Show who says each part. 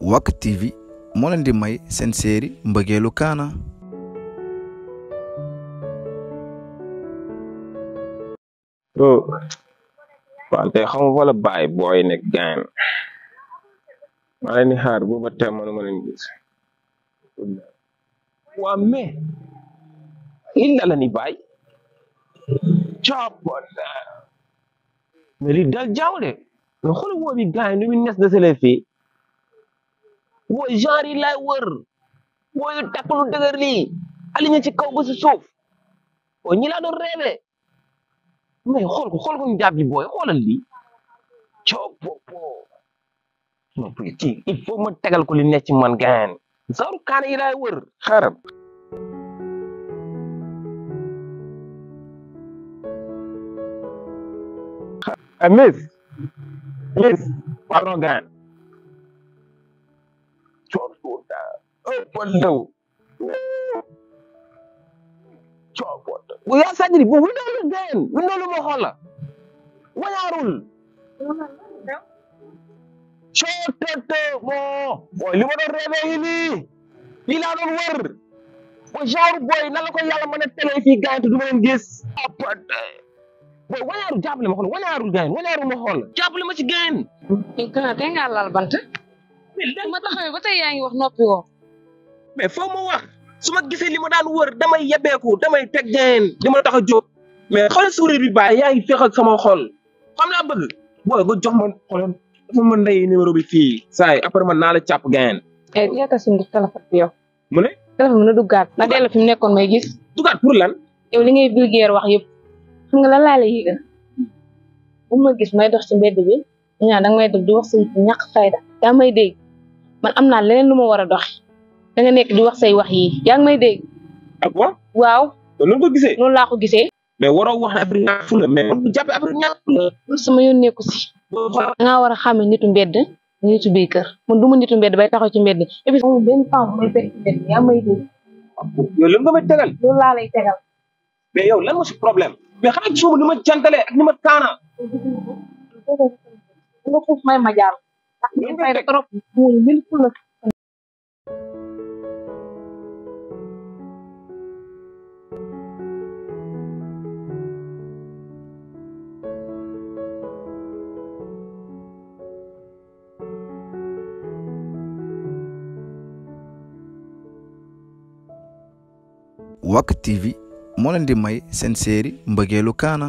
Speaker 1: Wack TV moo leen di may seen série mbëggeelu Kaana wante xam nga wala baay booy nekk gaan maa xaar booba tey manuma leen gis waa mais illa la ni baay coppoon mais li dal de mais xool woo bi gaan nu mu nes وجاري لاور ويو تاكلو تغرلي علي نيتي كو بس سوف وني لا دو ريبي مي خول خول كون جابي بوي خول لي تشوك بو بو ما بريتي يفو ما تغال كو لي نيتي مان غان زار كان اي لاور خرب اميز ليس بارون غان Potou. Coopoto yaa sadiri bu windoolu den windoolu mo hola wayaarul coototo mo mooy li ma doon rêvé yi nii laa doon wër mooy genre booy nan la ko yàlla mën a télé fii gaañ te du ma leen gis apata booy wayaarul ma xool wayaarul gaañ wayaarul ma xool jàppale ma ci gaañ tey nga laal bant
Speaker 2: ma taxawee ba tey yaa ngi wax
Speaker 1: noppi woo mais foo ma wax su ma gisee li ma daan wër damay yebeeku damay teg jeen li ma tax a jóg mais xool sourire bi bàyyi yaa ngi fex sama xol xam laa bëgg booy nga jox ma xoolal dafa ma ndey numéro bi fii saa après man naa la càpp gain. eh
Speaker 2: di nga tas suñu téléphone bi yow. mu ne. téléphone bi na duggaat na delloo fi mu nekkoon may gis. duggaat pour lan. yow li ngay vulgaire wax yëpp xam nga lan laa la yëgal bu ma gis may dox ci mbedd bi ñu naan danga may def di sa ñàkk may dégg man am naa leneen lu ma war a doxee. da nga nekk di wax say wax yi yaa ngi may dégg. wa waaw. noonu ko gisee. loolu laa ko gisee.
Speaker 1: mais waroo wax ne Afrique ñàkk fu la mais
Speaker 2: bu sama yoon nekku si. da war a xam ne nitu mbedd nitu biir kër man du ma nitu mbedd bay taxaw ci mbedd et ci mbedd yaa may dégg.
Speaker 1: yow lan nga may tegal.
Speaker 2: loolu laa lay tegal.
Speaker 1: mais yow lan nga si problème. mais xanaa gisuma ni ma jantalee ak ni ma kaana. ma Wack TV moo leen di may seen série mbëggeelu kaana